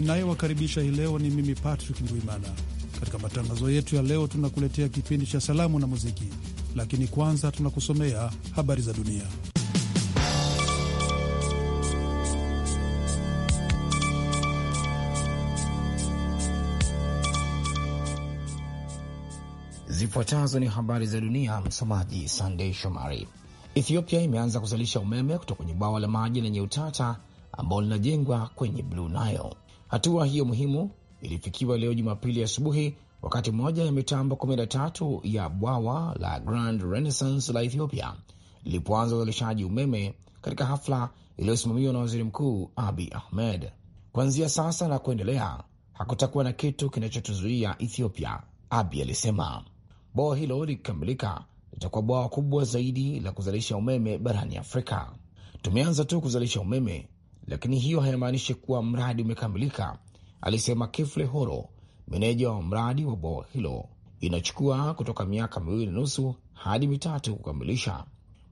ninayewakaribisha hii leo ni mimi Patrick Ndwimana. Katika matangazo yetu ya leo, tunakuletea kipindi cha salamu na muziki, lakini kwanza tunakusomea habari za dunia. Zifuatazo ni habari za dunia, msomaji Sandei Shomari. Ethiopia imeanza kuzalisha umeme kutoka kwenye bwawa la maji lenye utata ambao linajengwa kwenye Blue Nile. Hatua hiyo muhimu ilifikiwa leo Jumapili asubuhi wakati moja ya mitambo 13 ya bwawa la Grand Renaissance la Ethiopia lilipoanza uzalishaji umeme katika hafla iliyosimamiwa na waziri mkuu Abi Ahmed. Kuanzia sasa na kuendelea, hakutakuwa na kitu kinachotuzuia Ethiopia, Abi alisema. Bwawa hilo likikamilika, litakuwa bwawa kubwa zaidi la kuzalisha umeme barani Afrika. Tumeanza tu kuzalisha umeme lakini hiyo haimaanishi kuwa mradi umekamilika, alisema Kifle Horo, meneja wa mradi wa bwawa hilo. Inachukua kutoka miaka miwili na nusu hadi mitatu kukamilisha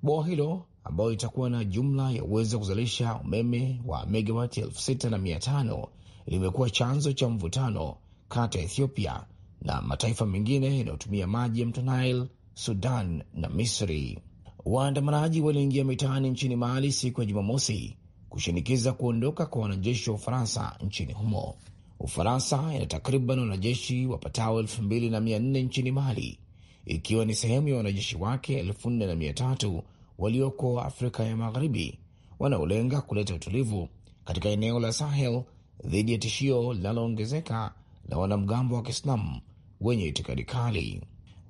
bwawa hilo ambayo itakuwa na jumla ya uwezo wa kuzalisha umeme wa megawati elfu sita na mia tano limekuwa chanzo cha mvutano kati ya Ethiopia na mataifa mengine yanayotumia maji ya mto Nile, Sudan na Misri. Waandamanaji waliingia mitaani nchini Mali siku ya Jumamosi kushinikiza kuondoka kwa wanajeshi wa Ufaransa nchini humo. Ufaransa ina takriban wanajeshi wapatao elfu mbili na mia nne nchini Mali, ikiwa ni sehemu ya wanajeshi wake elfu nne na mia tatu walioko Afrika ya Magharibi, wanaolenga kuleta utulivu katika eneo la Sahel dhidi ya tishio linaloongezeka la wanamgambo wa Kiislamu wenye itikadi kali.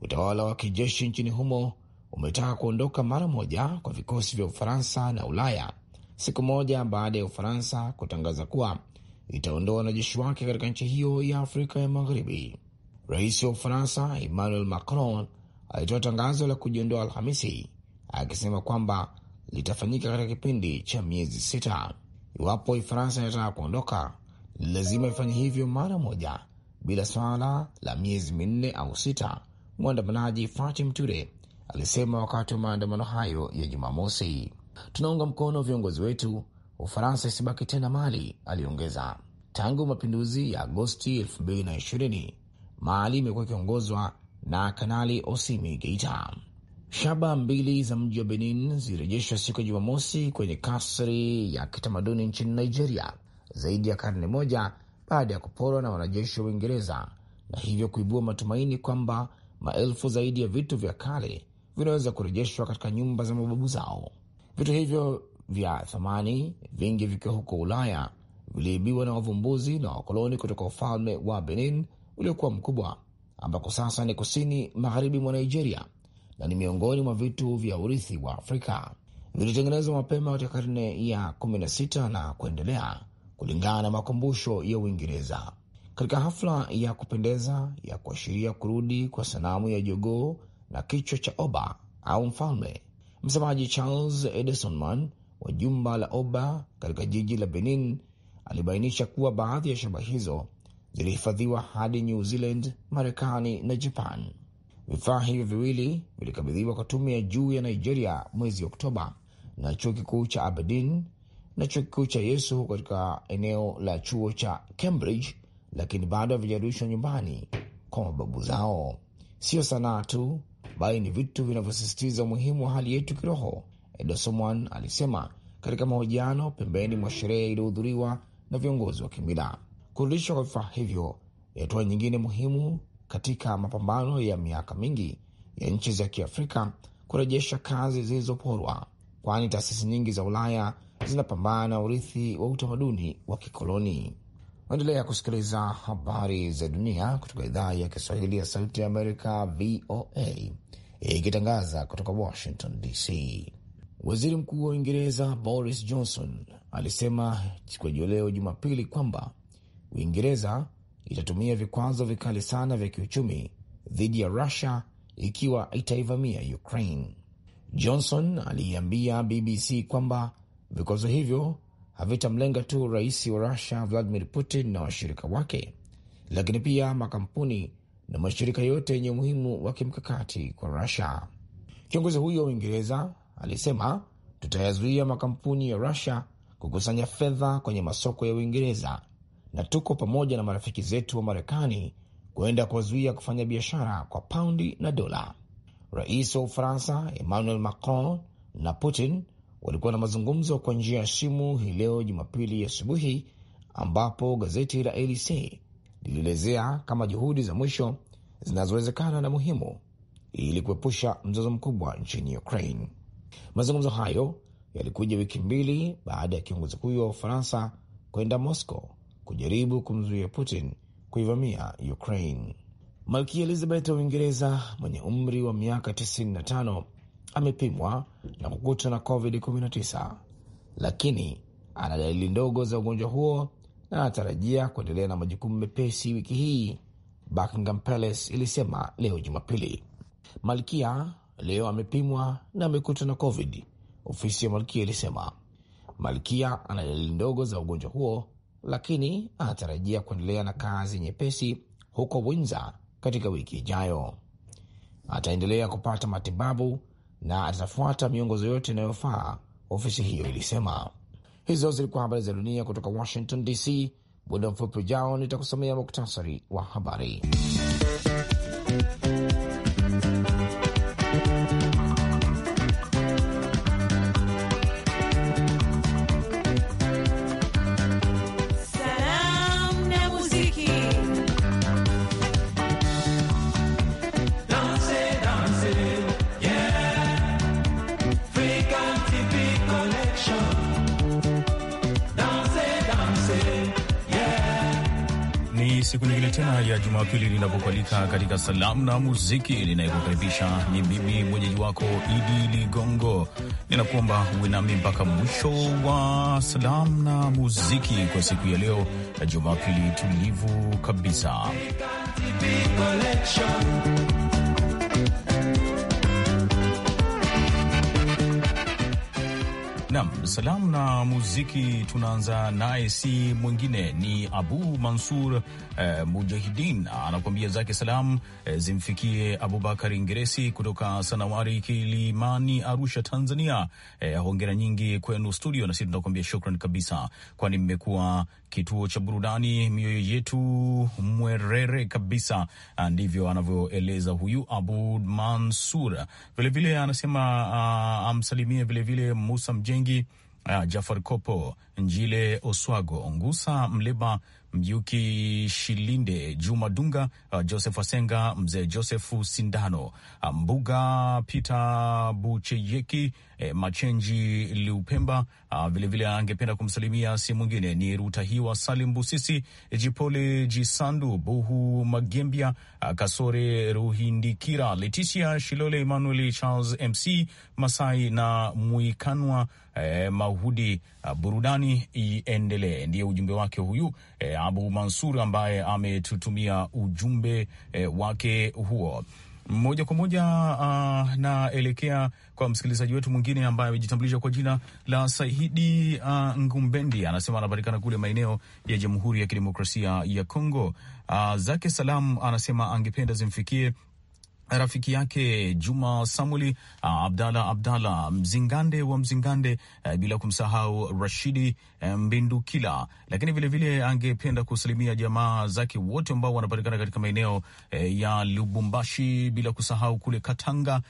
Utawala wa kijeshi nchini humo umetaka kuondoka mara moja kwa vikosi vya Ufaransa na Ulaya siku moja baada ya Ufaransa kutangaza kuwa itaondoa wanajeshi wake katika nchi hiyo ya Afrika ya Magharibi. Rais wa Ufaransa Emmanuel Macron alitoa tangazo la kujiondoa Alhamisi akisema kwamba litafanyika katika kipindi cha miezi sita. Iwapo Ufaransa inataka kuondoka, ni lazima ifanye hivyo mara moja bila swala la miezi minne au sita, mwandamanaji Fatim Ture alisema wakati wa maandamano hayo ya Jumamosi. Tunaunga mkono viongozi wetu, Ufaransa isibaki tena Mali, aliongeza. Tangu mapinduzi ya Agosti 2020 Mali imekuwa ikiongozwa na Kanali Osimi Geita. Shaba mbili za mji wa Benin zilirejeshwa siku ya Jumamosi kwenye kasri ya kitamaduni nchini Nigeria zaidi ya karne moja baada ya kuporwa na wanajeshi wa Uingereza na hivyo kuibua matumaini kwamba maelfu zaidi ya vitu vya kale vinaweza kurejeshwa katika nyumba za mababu zao. Vitu hivyo vya thamani vingi vikiwa huko Ulaya viliibiwa na wavumbuzi na wakoloni kutoka ufalme wa Benin uliokuwa mkubwa, ambako sasa ni kusini magharibi mwa Nigeria na ni miongoni mwa vitu vya urithi wa Afrika. Vilitengenezwa mapema katika karne ya 16 na kuendelea, kulingana na makumbusho ya Uingereza. Katika hafla ya kupendeza ya kuashiria kurudi kwa sanamu ya jogoo na kichwa cha oba au mfalme Msemaji Charles Man wa jumba la Oba katika jiji la Benin alibainisha kuwa baadhi ya shaba hizo zilihifadhiwa hadi New Zealand, Marekani na Japan. Vifaa hivyo viwili vilikabidhiwa kwa tume ya juu ya Nigeria mwezi Oktoba na chuo kikuu cha Aberdeen na chuo kikuu cha Yesu katika eneo la chuo cha Cambridge, lakini bado havijarudishwa nyumbani kwa mababu zao. Siyo sanaa tu, bali ni vitu vinavyosisitiza umuhimu wa hali yetu kiroho, Edosomwan alisema katika mahojiano pembeni mwa sherehe iliyohudhuriwa na viongozi wa kimila. Kurudishwa kwa vifaa hivyo ni hatua nyingine muhimu katika mapambano ya miaka mingi ya nchi za Kiafrika kurejesha kazi zilizoporwa, kwani taasisi nyingi za Ulaya zinapambana na urithi wa utamaduni wa kikoloni. Endelea kusikiliza habari za dunia kutoka idhaa ya Kiswahili ya Sauti ya Amerika, VOA, ikitangaza kutoka Washington DC. Waziri Mkuu wa Uingereza Boris Johnson alisema siku leo Jumapili kwamba Uingereza itatumia vikwazo vikali sana vya kiuchumi dhidi ya Rusia ikiwa itaivamia Ukraine. Johnson aliiambia BBC kwamba vikwazo hivyo havitamlenga tu rais wa Rusia Vladimir Putin na washirika wake, lakini pia makampuni na mashirika yote yenye umuhimu wa kimkakati kwa Rusia. Kiongozi huyo wa Uingereza alisema, tutayazuia makampuni ya Rusia kukusanya fedha kwenye masoko ya Uingereza, na tuko pamoja na marafiki zetu wa Marekani kuenda kuwazuia kufanya biashara kwa paundi na dola. Rais wa Ufaransa Emmanuel Macron na Putin walikuwa na mazungumzo kwa njia ya simu hii leo Jumapili asubuhi, ambapo gazeti la ALC lilielezea kama juhudi za mwisho zinazowezekana na muhimu ili kuepusha mzozo mkubwa nchini Ukraine. Mazungumzo hayo yalikuja wiki mbili baada ya kiongozi huyo wa Ufaransa kwenda Moscow kujaribu kumzuia Putin kuivamia Ukraine. Malkia Elizabeth wa Uingereza mwenye umri wa miaka 95 amepimwa na kukutwa na COVID-19, lakini ana dalili ndogo za ugonjwa huo na anatarajia kuendelea na majukumu mepesi wiki hii, Buckingham Palace ilisema leo Jumapili. Malkia leo amepimwa na amekutwa na COVID, ofisi ya malkia ilisema. Malkia ana dalili ndogo za ugonjwa huo, lakini anatarajia kuendelea na kazi nyepesi huko Windsor katika wiki ijayo. Ataendelea kupata matibabu na atafuata miongozo yote inayofaa, ofisi hiyo ilisema. Hizo zilikuwa habari za dunia kutoka Washington DC. Muda mfupi ujao nitakusomea muktasari wa habari. ya Jumapili linapokualika katika salamu na muziki, linayekukaribisha ni mimi mwenyeji wako Idi Ligongo. Ninakuomba uwe nami mpaka mwisho wa salamu na muziki kwa siku ya leo ya Jumapili tulivu kabisa. Nam salamu na muziki, tunaanza naye, si mwingine ni Abu Mansur eh, Mujahidin anakuambia zake salamu eh, zimfikie abubakar Ngeresi kutoka Sanawari Kilimani, Arusha, Tanzania. Eh, hongera nyingi kwenu studio, na sisi tunakuambia shukran kabisa, kwani mmekuwa kituo cha burudani mioyo yetu mwerere kabisa, ah, ndivyo anavyoeleza huyu Abud Mansur. Vilevile anasema uh, amsalimie vilevile Musa Mjengi, uh, Jafar Kopo, Njile Oswago, Ngusa Mleba, Mjuki Shilinde, Juma Dunga, uh, Joseph Asenga, mzee Josefu Sindano, Mbuga Peter Bucheyeki e, Machenji Liupemba. Vilevile ah, angependa kumsalimia si mwingine ni Rutahiwa Salim Busisi, Jipole Jisandu, Buhu Magembia, ah, Kasore Ruhindikira, Leticia Shilole, Emmanuel Charles, MC Masai na Mwikanwa. E, eh, Mahudi, ah, burudani iendelee, ndiye ujumbe wake huyu e, Abu Mansur ambaye ametutumia ujumbe e, wake huo. Moja kwa moja uh, naelekea kwa msikilizaji wetu mwingine ambaye amejitambulisha kwa jina la Saidi uh, Ngumbendi, anasema anapatikana kule maeneo ya Jamhuri ya Kidemokrasia ya Kongo. Uh, zake salam anasema angependa zimfikie rafiki yake Juma Samuli, uh, Abdalla Abdalla Mzingande wa Mzingande, uh, bila kumsahau Rashidi uh, Mbindukila. Lakini vilevile angependa kusalimia jamaa zake wote ambao wanapatikana katika maeneo ya Lubumbashi, bila kusahau kule Katanga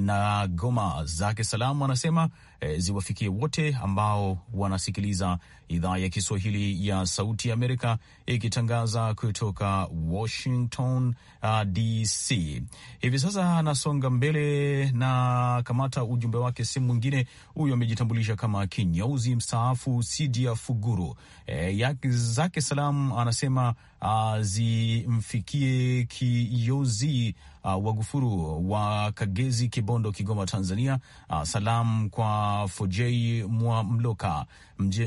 na Goma. Zake salamu anasema e, ziwafikie wote ambao wanasikiliza idhaa ya Kiswahili ya Sauti ya Amerika ikitangaza kutoka Washington uh, DC. Hivi sasa anasonga mbele na kamata ujumbe wake sehemu mwingine. Huyu amejitambulisha kama kinyauzi mstaafu Sidia Fuguru e, zake salam anasema uh, zimfikie Kiyozi uh, Wagufuru wa Kagezi, Kibondo, Kigoma, Tanzania. Uh, salam kwa Fojei Mwa Mloka,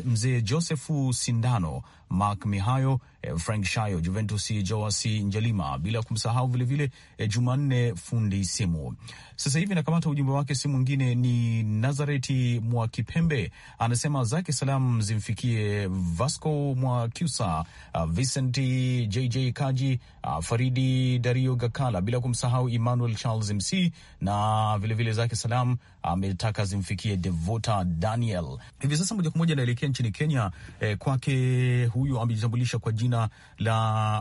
mzee Josefu Sindano, Mark Mihayo, eh, Frank Shayo, Juventus Joasi Njalima, bila kumsahau vilevile eh, Jumanne fundi simu. Sasa hivi nakamata ujumbe wake, si mwingine ni Nazareti Mwa Kipembe, anasema zake salam zimfikie Vasco Mwa Kusa, uh, Vicenti JJ Kaji, uh, Faridi Dario Gakala, bila kumsahau Emmanuel Charles Mc na vilevile vile zake salam ametaka zimfikie Devota Daniel. Hivi sasa moja kwa moja anaelekea nchini Kenya. Eh, kwake huyu amejitambulisha kwa jina la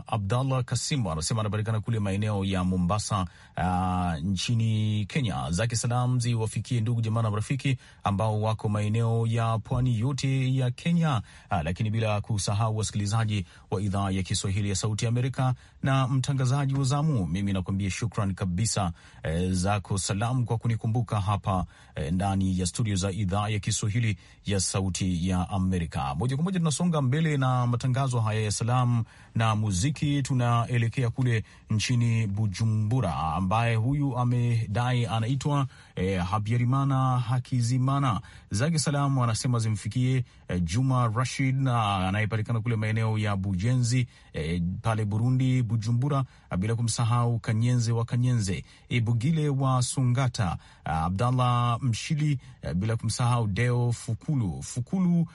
Abdallah Kasimu, anasema anapatikana kule maeneo ya Mombasa, uh, nchini Kenya. Zake salam ziwafikie ndugu jamaa na marafiki ambao wako maeneo ya pwani yote ya Kenya, uh, lakini bila kusahau wasikilizaji wa idhaa ya Kiswahili ya Sauti ya Amerika na mtangazaji wa zamu. Mimi nakuambia shukran kabisa, eh, zako salam kwa kunikumbuka hapa Eh, ndani ya studio za idhaa ya Kiswahili ya Sauti ya Amerika. Moja kwa moja tunasonga mbele na matangazo haya ya salamu na muziki. Tunaelekea kule nchini Bujumbura, ambaye huyu amedai anaitwa e, Habyarimana Hakizimana. Zake salamu anasema zimfikie e, Juma Rashid na anayepatikana kule maeneo ya Bujenzi e, pale Burundi Bujumbura, bila kumsahau Kanyenze wa Kanyenze e, Bugile wa Sungata, Abdallah Mshili e, bila kumsahau Deo Fukulu Fukulu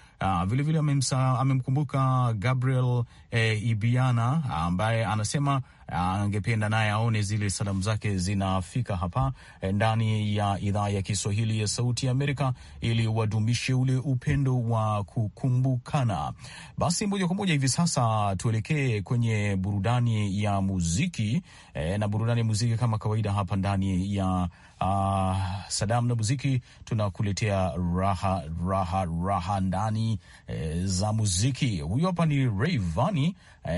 vilevile amemkumbuka Gabriel e, Ibiana ambaye anasema angependa naye aone zile salamu zake zinafika hapa eh, ndani ya idhaa ya Kiswahili ya Sauti ya Amerika ili wadumishe ule upendo wa kukumbukana. Basi moja kwa moja hivi sasa tuelekee kwenye burudani ya muziki e, na burudani ya muziki kama kawaida hapa ndani ya uh, ah, Sadam na muziki, tunakuletea raha raha raha ndani e, za muziki. Huyu hapa ni Rayvanny e,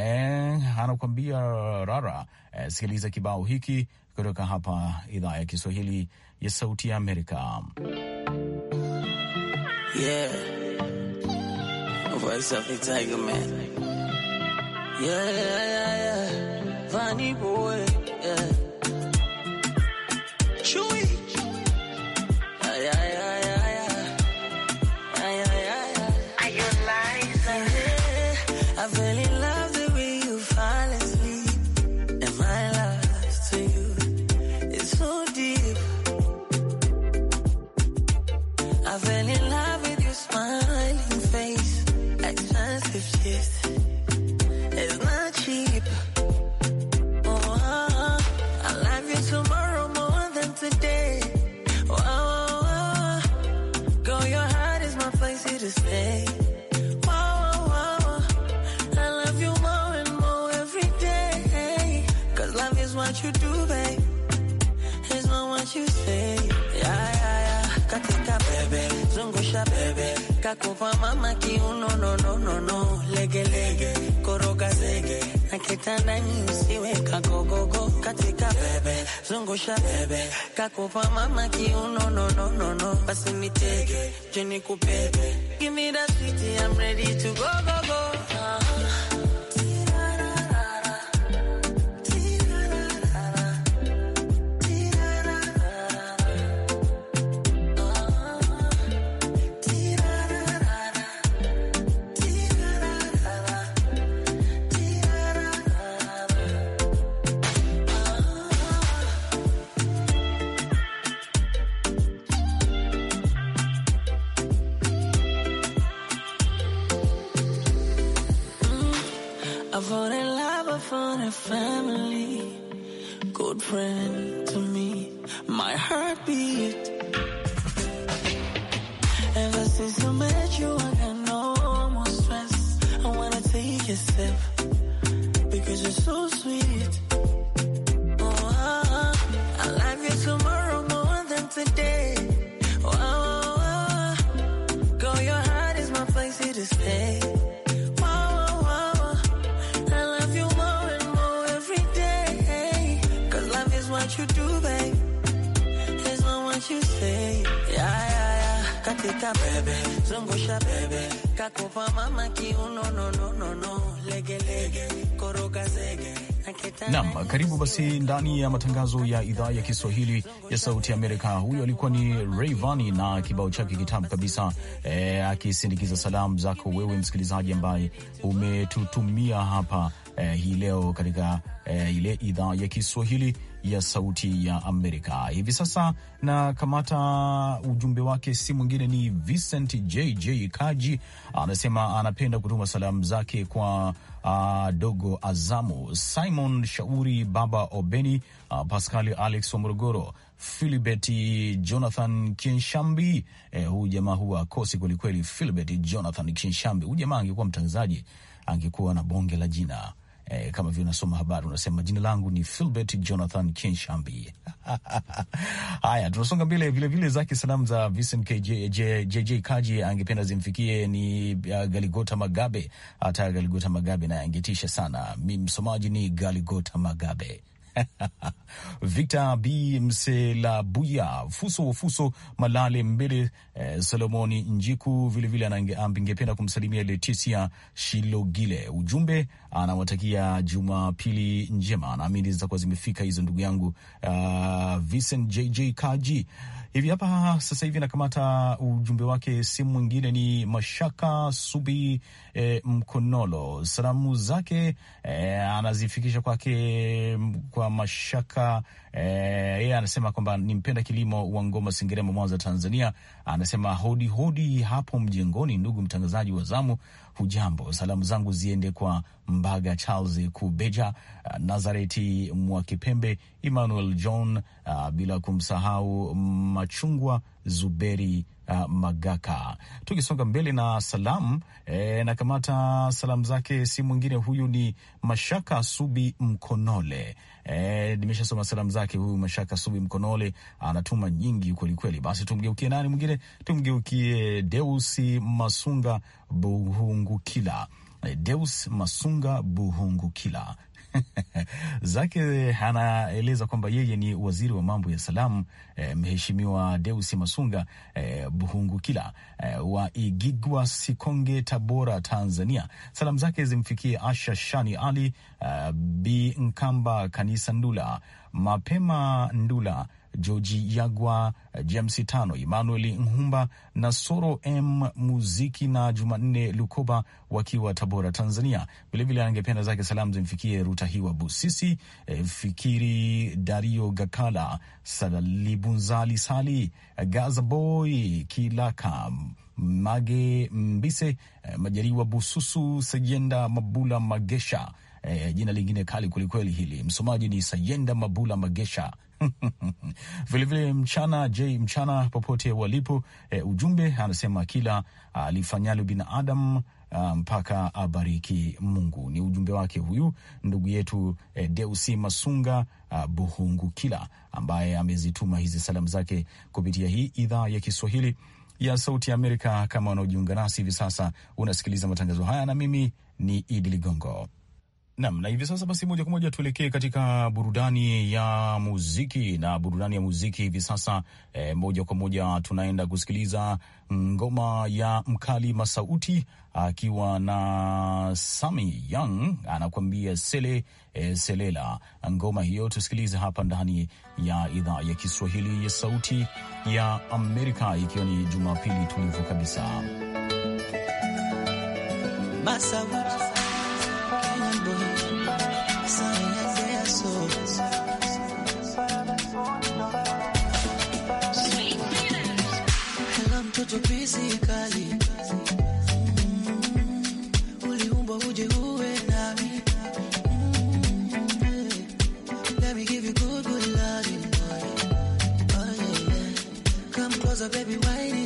anakuambia rara e, sikiliza kibao hiki kutoka hapa idhaa ya Kiswahili ya Sauti ya Amerika. Yeah. yeah. Chewy. Ay, love the way you fall asleep. to you so deep. I fell in love with your smiling face. Expensive Unda bebe kakova mama kiuno no no no no lege lege koroga zege na kitanda usiwe kagogogo katika bebe zungusha bebe kakova mama kiuno no no no no basi mitege jeni kupebe give me that sweetie I'm ready to go go go you do, babe. There's no one you say. Yeah, yeah, yeah. Katika bebe, zungusha bebe. Kakupa mama kiuno, no, no, no, no. Lege, lege, koroga zege. Nam, karibu basi ndani ya matangazo ya idhaa ya Kiswahili ya Sauti ya Amerika. Huyo alikuwa ni Rayvanny na kibao chake kitamu kabisa e, akisindikiza salamu zako wewe msikilizaji ambaye umetutumia hapa e, hii leo katika e, ile idhaa ya Kiswahili ya Sauti ya Amerika hivi sasa. Na kamata ujumbe wake, si mwingine ni Vincent JJ Kaji, anasema anapenda kutuma salamu zake kwa Uh, Dogo Azamu, Simon Shauri, Baba Obeni, uh, ah, Pascali Alex wa Morogoro, Filibeti Jonathan Kinshambi. Eh, huu jamaa huwa akosi kwelikweli. Filibeti Jonathan Kinshambi, huu jamaa angekuwa mtangazaji angekuwa na bonge la jina eh, kama vile unasoma habari unasema jina langu ni Filbert Jonathan kinshambi Haya, tunasonga mbele. Vilevile zake salamu za Vincent JJ Kaji angependa zimfikie ni uh, Galigota Magabe. Hata Galigota Magabe naye angetisha sana. Mi msomaji ni Galigota Magabe. Victor B Mselabuya, Fuso fuso Malale Mbele, eh, Solomoni Njiku vilevile angependa kumsalimia Leticia Shilogile. Ujumbe anawatakia Jumapili njema, naamini zitakuwa zimefika hizo, ndugu yangu uh, Vincent JJ Kaji hivi hapa sasa hivi nakamata ujumbe wake simu. Mwingine ni Mashaka Subi e, Mkonolo, salamu zake e, anazifikisha kwake kwa Mashaka Eh, yeye eh, anasema kwamba ni mpenda kilimo wa Ngoma Sengerema, Mwanza, Tanzania. Anasema hodi hodi hapo mjengoni, ndugu mtangazaji wa zamu, hujambo? Salamu zangu ziende kwa Mbaga Charles Kubeja, uh, Nazareti mwakipembe Emmanuel John, uh, bila kumsahau Machungwa Zuberi uh, Magaka. Tukisonga mbele na salamu e, na kamata salamu zake si mwingine huyu ni Mashaka Subi Mkonole. E, nimeshasoma salamu zake huyu Mashaka Subi Mkonole, anatuma nyingi kwelikweli. Basi tumgeukie nani mwingine? Tumgeukie Deusi Masunga Buhungukila. Deus Masunga Buhungukila, zake anaeleza kwamba yeye ni waziri wa mambo ya salamu eh, Mheshimiwa Deusi Masunga eh, Buhungukila eh, wa Igigwa Sikonge, Tabora, Tanzania. Salamu zake zimfikie Asha Shani Ali eh, Bi Nkamba Kanisa Ndula Mapema Ndula Georgi Yagwa, James Tano, Emmanuel Nhumba na Soro M Muziki na Jumanne Lukoba wakiwa Tabora, Tanzania. Vilevile angependa zake salamu zimfikie Rutahiwa Busisi, eh, Fikiri Dario Gakala, Salibunzali Sali, Gazaboy Kilaka Mage Mbise, eh, Majariwa Bususu, Sajenda Mabula Magesha. E, jina lingine kali kwelikweli hili. Msomaji ni Sayenda Mabula Magesha vilevile mchana j mchana popote walipo e, ujumbe anasema kila alifanyalo binadam ah, mpaka abariki Mungu. Ni ujumbe wake huyu ndugu yetu e, eh, Deusi Masunga a, ah, Buhungu kila ambaye amezituma hizi salamu zake kupitia hii idhaa ya Kiswahili ya Sauti Amerika. Kama wanaojiunga nasi hivi sasa, unasikiliza matangazo haya, na mimi ni Idi Ligongo. Nam, na hivi sasa basi, moja kwa moja tuelekee katika burudani ya muziki na burudani ya muziki hivi sasa e, moja kwa moja tunaenda kusikiliza ngoma ya Mkali Masauti akiwa na Sami Young anakuambia sele e, selela. Ngoma hiyo tusikilize hapa ndani ya idhaa ya Kiswahili ya Sauti ya Amerika, ikiwa ni Jumapili tulivu kabisa Masauti. hizi kali mm, uliumbwa uje uwe nami. Mm, baby, why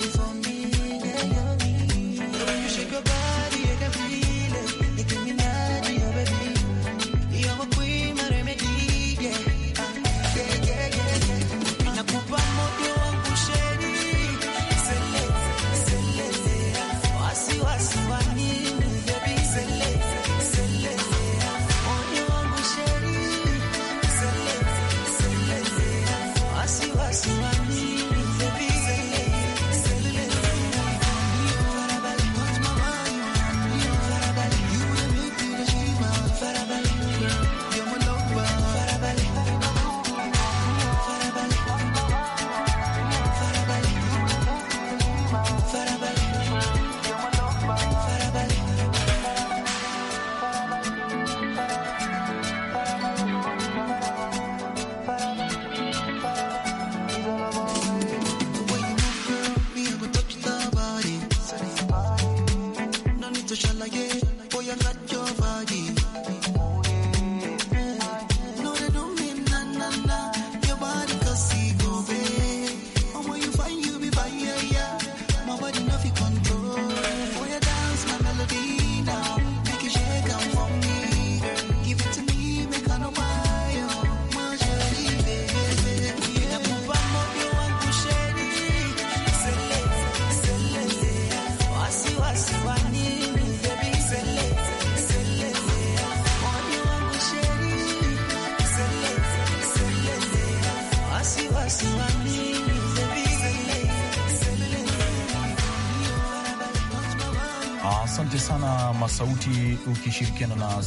escucharla y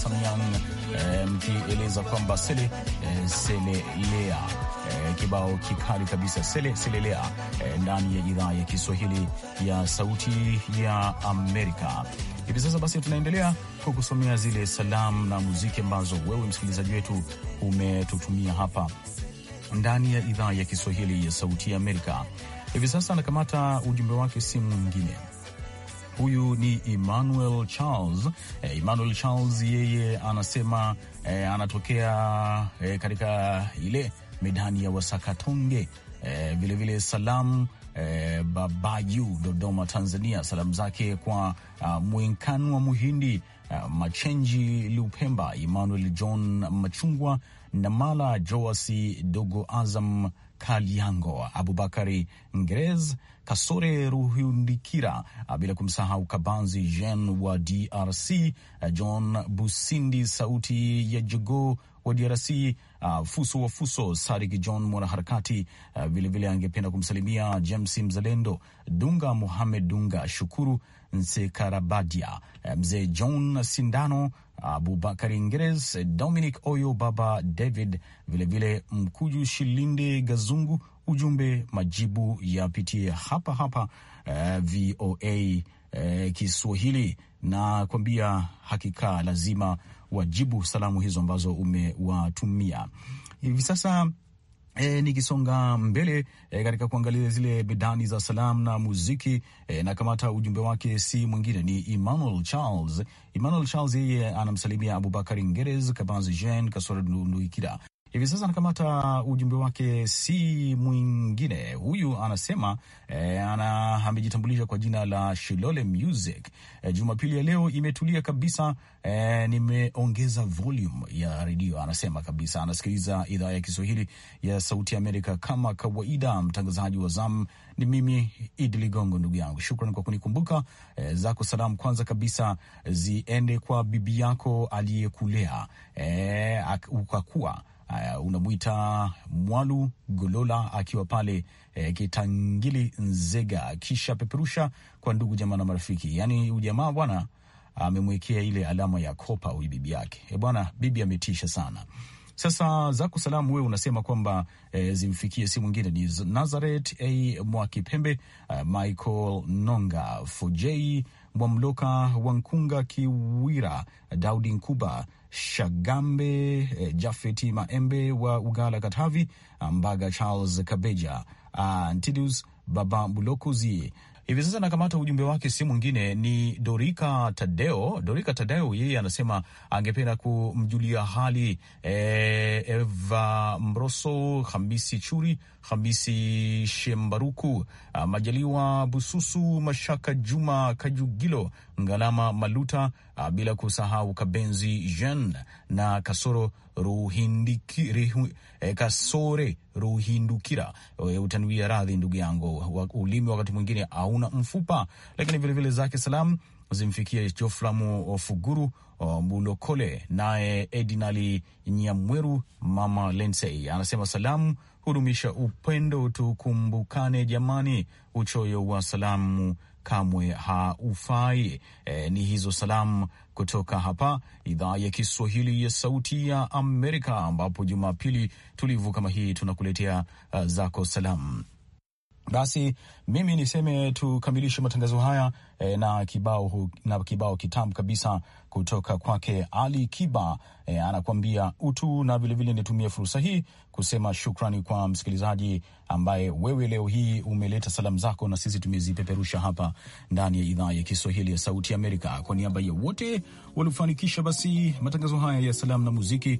Sanyan eh, mkieleza kwamba sele eh, selelea e, kibao kikali kabisa sele selelea e, ndani ya idhaa ya Kiswahili ya Sauti ya Amerika. Hivi sasa basi, tunaendelea kukusomea zile salamu na muziki ambazo wewe msikilizaji wetu umetutumia hapa ndani ya idhaa ya Kiswahili ya Sauti ya Amerika. Hivi sasa anakamata ujumbe wake simu mwingine Huyu ni Emmanuel Charles. E, Emmanuel Charles yeye anasema e, anatokea e, katika ile medani ya Wasakatonge vilevile vile salamu e, Babayu Dodoma, Tanzania. Salamu zake kwa uh, wa Muhindi a, ah, Machenji Lupemba, Emmanuel John Machungwa na Mala Joasi Dogo Azam kaliango Abubakari ngrez Kasore ruhundikira ah, bila kumsahau Kabanzi Jean wa DRC, ah, John Busindi sauti ya Jogo wa DRC, ah, Fuso wa Fuso Sadik John mwanaharakati vilevile, angependa kumsalimia James Mzalendo Dunga, Muhamed Dunga, Shukuru Nsekarabadia, mzee John Sindano abubakar ingres Dominic Oyo Baba David, vilevile vile Mkuju Shilinde Gazungu. Ujumbe majibu yapitie hapa hapa uh, eh, VOA uh, eh, Kiswahili na kuambia hakika lazima wajibu salamu hizo ambazo umewatumia hivi sasa. E, nikisonga mbele e, katika kuangalia zile bedani za salam na muziki e, na kamata ujumbe wake si mwingine ni Emmanuel Charles. Emmanuel Charles yeye anamsalimia Abubakar Ngerez, Kabanzi Jean Kasoro Nduikira Hivi sasa anakamata ujumbe wake, si mwingine huyu, anasema e, ana amejitambulisha kwa jina la Shilole Music. E, Jumapili ya leo imetulia kabisa e, nimeongeza volume ya redio, anasema kabisa anasikiliza idhaa ya Kiswahili ya Sauti ya Amerika kama kawaida. Mtangazaji wa zamu ni mimi Idi Ligongo, ndugu yangu, shukran kwa kunikumbuka. E, zako salamu kwanza kabisa ziende kwa bibi yako aliyekulea eh, ukakua uh, unamwita Mwalu Golola akiwa pale eh, Kitangili Nzega, kisha peperusha kwa ndugu jamaa na marafiki. Yani ujamaa bwana amemwekea uh, ile alama ya kopa huyu bibi yake. E bwana, bibi ametisha sana. Sasa zako salamu, wewe unasema kwamba e, zimfikie si mwingine ni Nazaret a Mwakipembe, uh, Michael Nonga Fojei Mwamloka Wankunga Kiwira, Daudi Nkuba Shagambe, eh, Jafeti Maembe wa Ugala Katavi, Mbaga Charles Kabeja, Antidus Baba bulokozie hivi sasa anakamata ujumbe wake, si mwingine ni Dorika Tadeo. Dorika Tadeo yeye anasema angependa kumjulia hali e, Eva Mroso, Hamisi Churi, Hamisi Shembaruku, ah, Majaliwa Bususu, Mashaka Juma Kajugilo, Ngalama Maluta uh, bila kusahau Kabenzi Jean na Kasoro eh, Kasore Ruhindukira. Eh, Utanuia radhi ndugu yangu, ulimi wakati mwingine hauna mfupa, lakini vilevile zake salamu zimfikia Joflamu eh, Fuguru eh, Mulokole, naye Edinali Nyamweru, mama Lensei anasema salamu hudumisha upendo, tukumbukane jamani, uchoyo wa salamu kamwe haufai. E, ni hizo salamu kutoka hapa idhaa ya Kiswahili ya Sauti ya Amerika, ambapo Jumapili tulivu kama hii tunakuletea uh, zako salamu. Basi mimi niseme tukamilishe matangazo haya e, na kibao na kibao kitamu kabisa kutoka kwake Ali Kiba e, anakuambia utu, na vilevile nitumie fursa hii kusema shukrani kwa msikilizaji ambaye wewe leo hii umeleta salamu zako na sisi tumezipeperusha hapa ndani ya idhaa ya Kiswahili ya Sauti ya Amerika. Kwa niaba ya wote waliofanikisha basi matangazo haya ya salamu na muziki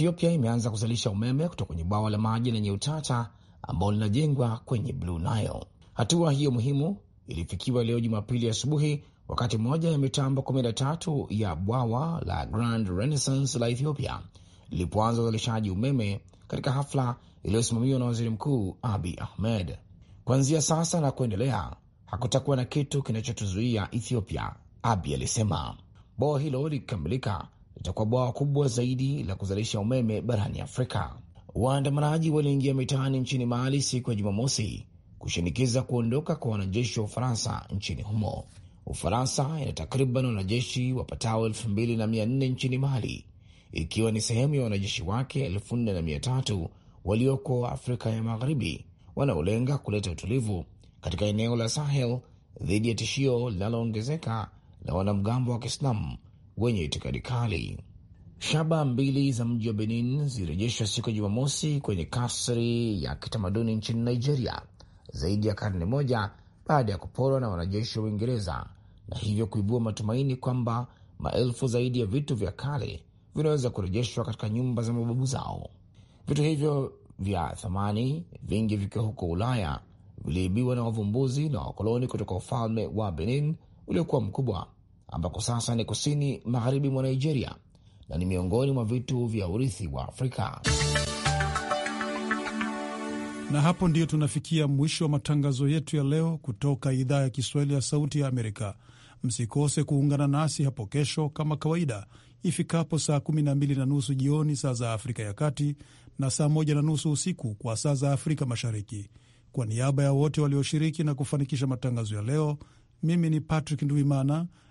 Ethiopia imeanza kuzalisha umeme kutoka kwenye bwawa la maji lenye utata ambalo linajengwa kwenye Blue Nile. Hatua hiyo muhimu ilifikiwa leo Jumapili asubuhi wakati moja ya mitambo 13 ya bwawa la Grand Renaissance la Ethiopia lilipoanza uzalishaji umeme katika hafla iliyosimamiwa na waziri mkuu Abi Ahmed. Kuanzia sasa na kuendelea, hakutakuwa na kitu kinachotuzuia Ethiopia, Abi alisema. Bwawa hilo likikamilika litakuwa bwawa kubwa zaidi la kuzalisha umeme barani Afrika. Waandamanaji waliingia mitaani nchini Mali siku ya Jumamosi kushinikiza kuondoka kwa wanajeshi wa Ufaransa nchini humo. Ufaransa ina takriban wanajeshi wapatao elfu mbili na mia nne nchini Mali, ikiwa ni sehemu ya wanajeshi wake elfu nne na mia tatu walioko Afrika ya Magharibi, wanaolenga kuleta utulivu katika eneo la Sahel dhidi ya tishio linaloongezeka la wanamgambo wa Kiislamu wenye itikadi kali. Shaba mbili za mji wa Benin zilirejeshwa siku ya Jumamosi kwenye kasri ya kitamaduni nchini Nigeria zaidi ya karne moja baada ya kuporwa na wanajeshi wa Uingereza na hivyo kuibua matumaini kwamba maelfu zaidi ya vitu vya kale vinaweza kurejeshwa katika nyumba za mababu zao. Vitu hivyo vya thamani, vingi vikiwa huko Ulaya, viliibiwa na wavumbuzi na wakoloni kutoka ufalme wa Benin uliokuwa mkubwa ambako sasa ni kusini magharibi mwa Nigeria na ni miongoni mwa vitu vya urithi wa Afrika. Na hapo ndiyo tunafikia mwisho wa matangazo yetu ya leo kutoka idhaa ya Kiswahili ya Sauti ya Amerika. Msikose kuungana nasi hapo kesho kama kawaida ifikapo saa 12 na nusu jioni saa za Afrika ya Kati na saa 1 na nusu usiku kwa saa za Afrika Mashariki. Kwa niaba ya wote walioshiriki na kufanikisha matangazo ya leo, mimi ni Patrick Ndwimana